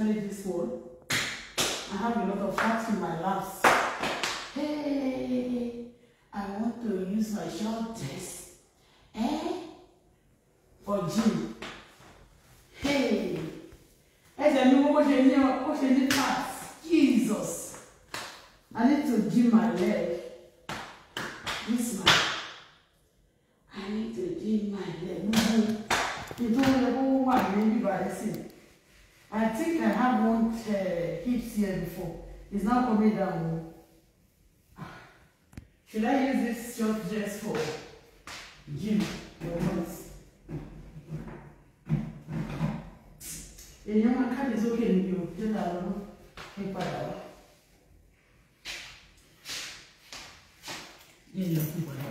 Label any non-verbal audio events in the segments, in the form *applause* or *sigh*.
especially this one. I have a lot of wax in my laps. Hey, I want to use my short test, Eh? For gym. Hey. Ẹsẹ̀ mi wọ́n ṣe ní ó ṣe ní parts. Jesus. I need to gym my leg. This one. I need to gym my leg. You don't know kó wà ní bíbá yìí sí. I think I have one uh, hips here before. It's now coming down. *sighs* Should I use this short dress for gym or what? Èèyàn máa káàdì sókè níbi ò You ó dà lọ́nà ní padà wá. Yẹ́n yẹn kú padà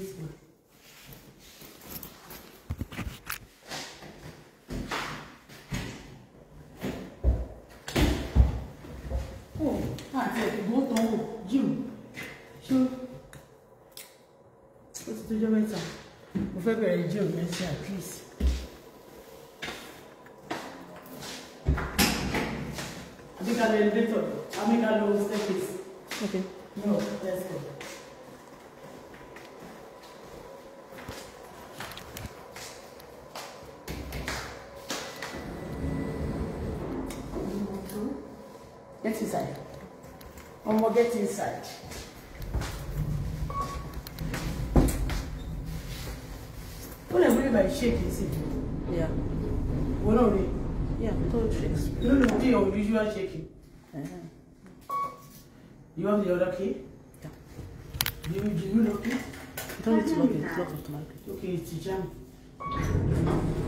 this one. àti ẹ̀kùnkùn tán wò jim ṣó ó ti tójọ́ mẹ́ta mo fẹ́ bẹ̀rẹ̀ jim mẹ́sì àkíyèsí. àbíkalẹ̀ elevator àbíkalẹ̀ staircase. okay. no let's go. Get inside. One more, get inside. What am I by shaking? Is it? Yeah. What are they? Yeah, total shakes. No, no, your usual shaking. Uh -huh. You have the other key? Yeah. Do you, do you lock it? You don't need to lock it, it's locked automatically. Okay, it's a jam.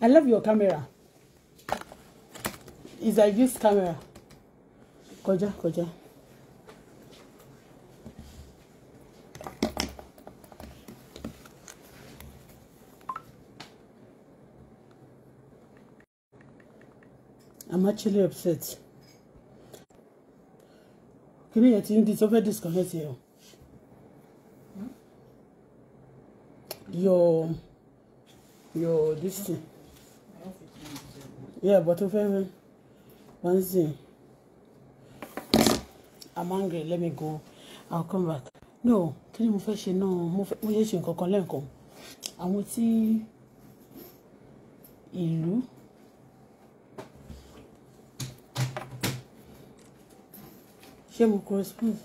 I love your camera. Is like this camera. Kọjá, kọjá. I'm actually upset. Can you ti ń di tó fẹ́ disconnect yẹn Your your this thing yeah but o fẹ́ one thing i'm hungry let me go i'll come back no kí ni mo fẹ́ ṣe náà mo fẹ́ mo yẹ ṣe nǹkan kan lẹ́ẹ̀kan àwọn tí ìlú ṣé mo correspond.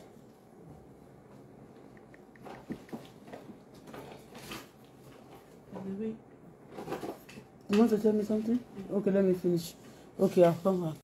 You want to tell me something? Okay, let me finish. Okay, I'll come back.